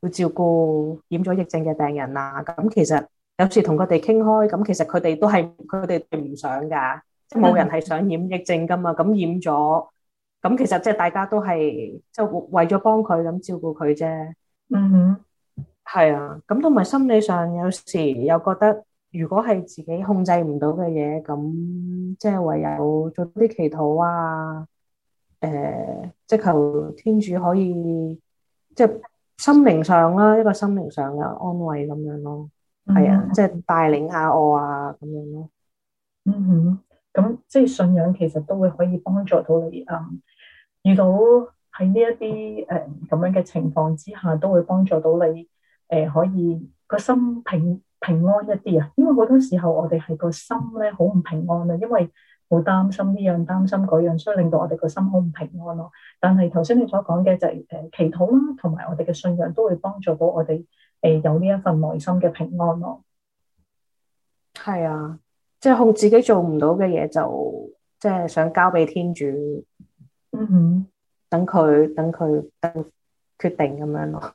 會照顧染咗疫症嘅病人啊，咁其實有時同佢哋傾開，咁其實佢哋都係佢哋唔想㗎，即係冇人係想染疫症㗎嘛。咁染咗。咁其實即係大家都係即係為咗幫佢咁照顧佢啫。嗯哼，係啊。咁同埋心理上有時又覺得，如果係自己控制唔到嘅嘢，咁即係唯有做啲祈禱啊。誒，即係求天主可以，即係心靈上啦，一個心靈上嘅安慰咁樣咯。係啊，即係帶領下我啊咁樣咯。嗯哼，咁即係信仰其實都會可以幫助到你啊。遇到喺呢一啲誒咁樣嘅情況之下，都會幫助到你誒、呃，可以個心平平安一啲啊！因為好多時候我哋係個心咧好唔平安啊，因為好擔心呢樣擔心嗰樣，樣，所以令到我哋個心好唔平安咯。但係頭先你所講嘅就係、是、誒、呃、祈禱啦，同埋我哋嘅信仰都會幫助到我哋誒、呃、有呢一份內心嘅平安咯。係啊，即係控自己做唔到嘅嘢，就即、是、係想交俾天主。嗯哼，等佢等佢等決定咁樣咯。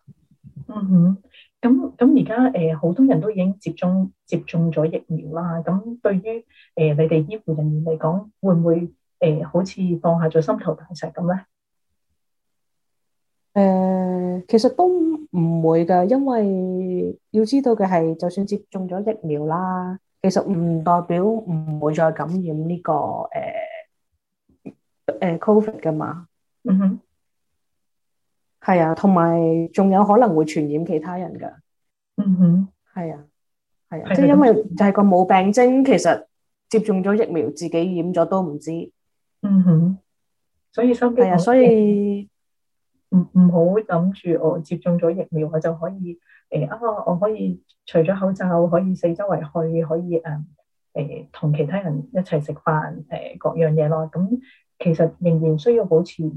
嗯哼，咁咁而家誒，好多人都已經接種接種咗疫苗啦。咁對於誒你哋醫護人員嚟講，會唔會誒好似放下咗心頭大石咁咧？誒，其實都唔會噶因為要知道嘅係，就算接種咗疫苗啦，其實唔代表唔會再感染呢個誒。誒，Covid 噶嘛，嗯哼，係啊，同埋仲有可能會傳染其他人噶，嗯哼，係啊，係啊，的即係因為就係個冇病徵，其實接種咗疫苗自己染咗都唔知，嗯哼，所以身邊係啊，所以唔唔好諗住我接種咗疫苗，我就可以誒、欸、啊，我可以除咗口罩，可以四周圍去，可以誒誒同其他人一齊食飯，誒、欸、各樣嘢咯，咁。其實仍然需要保持誒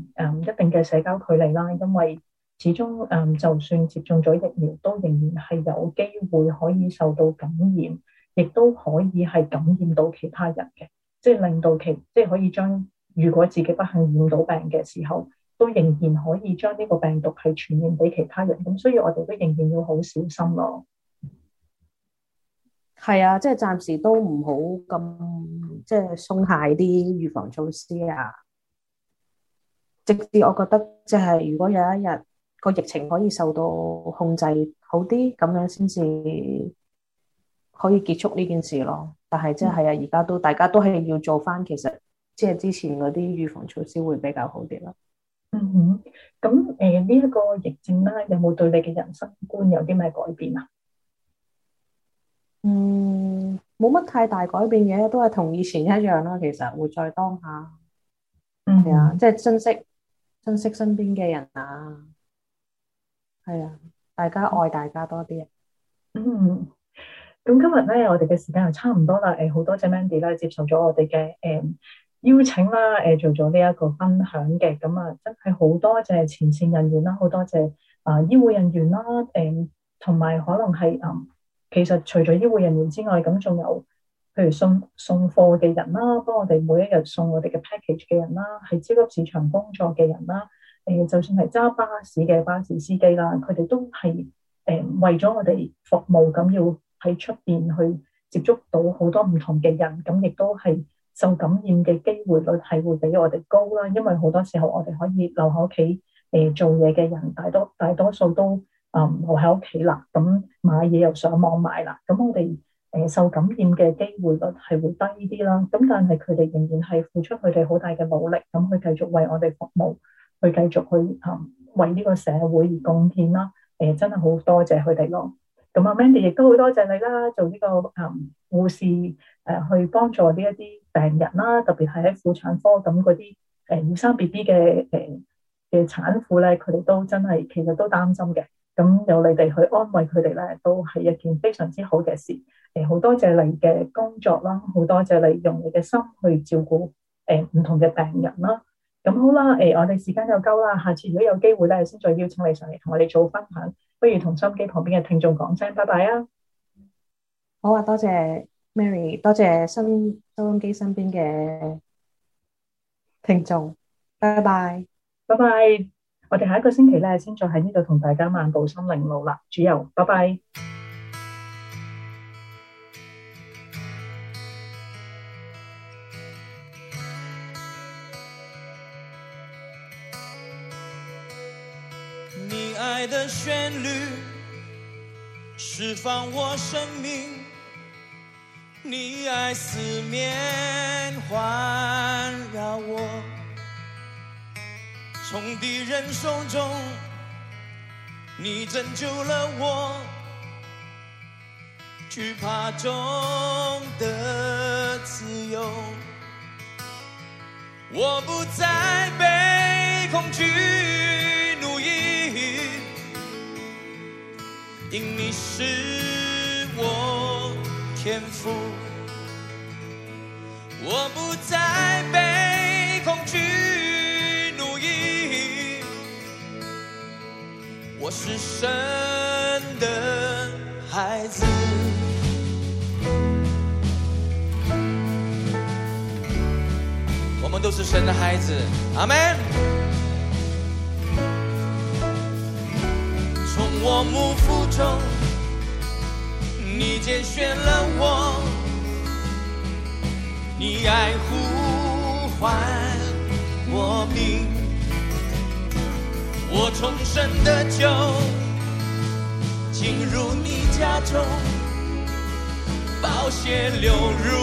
一定嘅社交距離啦，因為始終誒就算接種咗疫苗，都仍然係有機會可以受到感染，亦都可以係感染到其他人嘅，即係令到其即係可以將如果自己不幸染到病嘅時候，都仍然可以將呢個病毒係傳染畀其他人。咁所以我哋都仍然要好小心咯。係啊，即係暫時都唔好咁，即係鬆懈啲預防措施啊。直至我覺得，即係如果有一日個疫情可以受到控制好啲，咁樣先至可以結束呢件事咯。但係即係啊，而家都大家都係要做翻，其實即係之前嗰啲預防措施會比較好啲咯。嗯哼，咁誒呢一個疫症咧，有冇對你嘅人生觀有啲咩改變啊？嗯，冇乜太大改變嘅，都係同以前一樣啦。其實活在當下，係啊、嗯哼，即係、就是、珍惜珍惜身邊嘅人啊，係啊，大家愛大家多啲啊、嗯。嗯，咁今日咧，我哋嘅時間差唔多啦。誒，好多謝 Mandy 咧，接受咗我哋嘅誒邀請啦，誒做咗呢一個分享嘅。咁啊，真係好多謝前線人員啦，好多謝啊、呃、醫護人員啦，誒、嗯，同埋可能係啊。嗯。其實除咗醫護人員之外，咁仲有譬如送送貨嘅人啦，幫我哋每一日送我哋嘅 package 嘅人啦，係超級市場工作嘅人啦，誒，就算係揸巴士嘅巴士司機啦，佢哋都係誒為咗我哋服務，咁要喺出面去接觸到好多唔同嘅人，咁亦都係受感染嘅機會率係會比我哋高啦，因為好多時候我哋可以留喺屋企誒做嘢嘅人，大多大多數都。啊，留喺屋企啦，咁買嘢又上網買啦，咁我哋誒、呃、受感染嘅機會率係會低啲啦。咁但係佢哋仍然係付出佢哋好大嘅努力，咁去繼續為我哋服務，去繼續去啊、呃，為呢個社會而貢獻啦。誒、呃，真係好多謝佢哋咯。咁阿 Mandy 亦都好多謝你啦，做呢、這個啊、呃、護士，誒、呃、去幫助呢一啲病人啦，特別係喺婦產科咁嗰啲誒要生 B B 嘅誒嘅產婦咧，佢哋都真係其實都擔心嘅。咁有你哋去安慰佢哋咧，都係一件非常之好嘅事。誒，好多謝你嘅工作啦，好多謝你用你嘅心去照顧誒唔同嘅病人啦。咁好啦，誒，我哋時間就夠啦，下次如果有機會咧，先再邀請你上嚟同我哋做分享。不如同收音機旁邊嘅聽眾講聲拜拜啊！好啊，多謝 Mary，多謝收收音機身邊嘅聽眾，拜拜，拜拜。我哋下一個星期咧，先再喺呢度同大家漫步森林路啦，主佑，拜拜。你愛的旋律，釋放我生命，你愛四面環繞我。從敵人手中，你拯救了我，懼怕中的自由，我不再被恐懼奴役，因你是我天賦，我不再被。我是神的孩子，我們都是神的孩子阿們，阿門。從我母腹中，你揀選了我，你愛呼喚，我名。我重生的酒進入你家中，寶血流入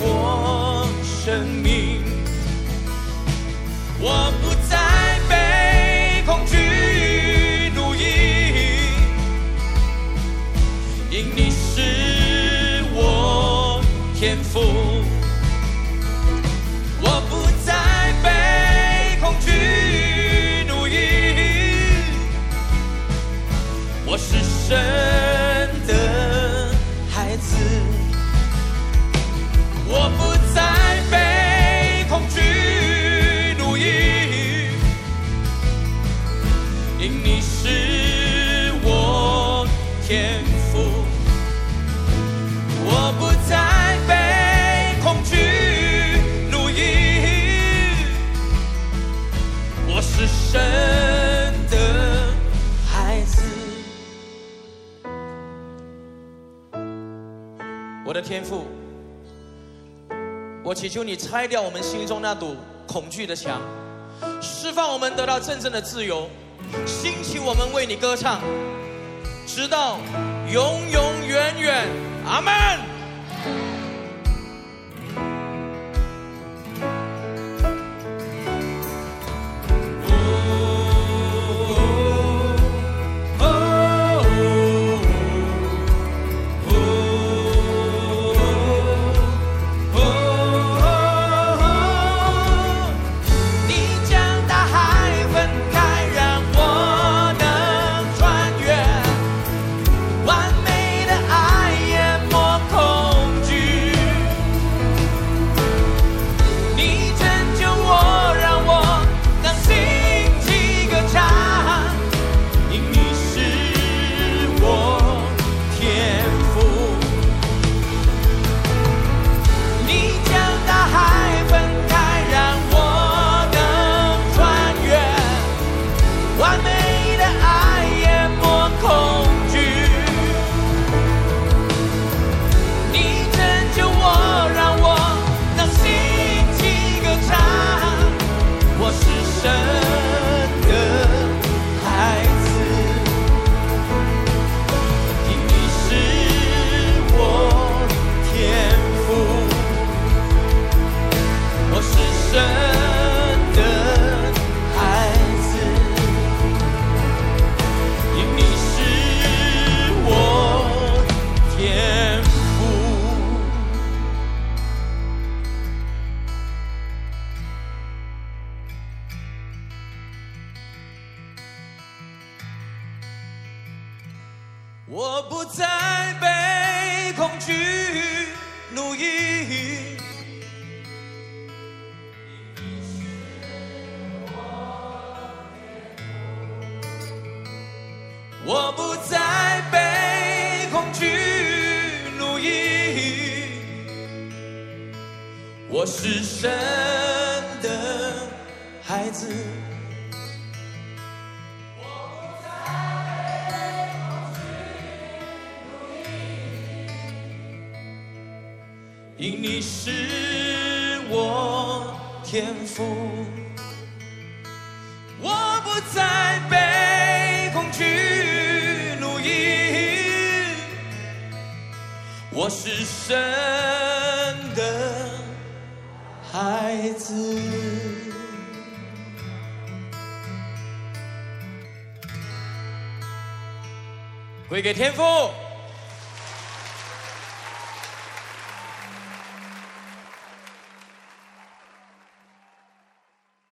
我生命，我不再被恐懼奴役，因你是我天賦，我不再被恐懼。是誰？天父，我祈求你拆掉我們心中那堵恐懼的牆，釋放我們得到真正的自由，興起我們為你歌唱，直到永永遠遠，阿門。給天賦。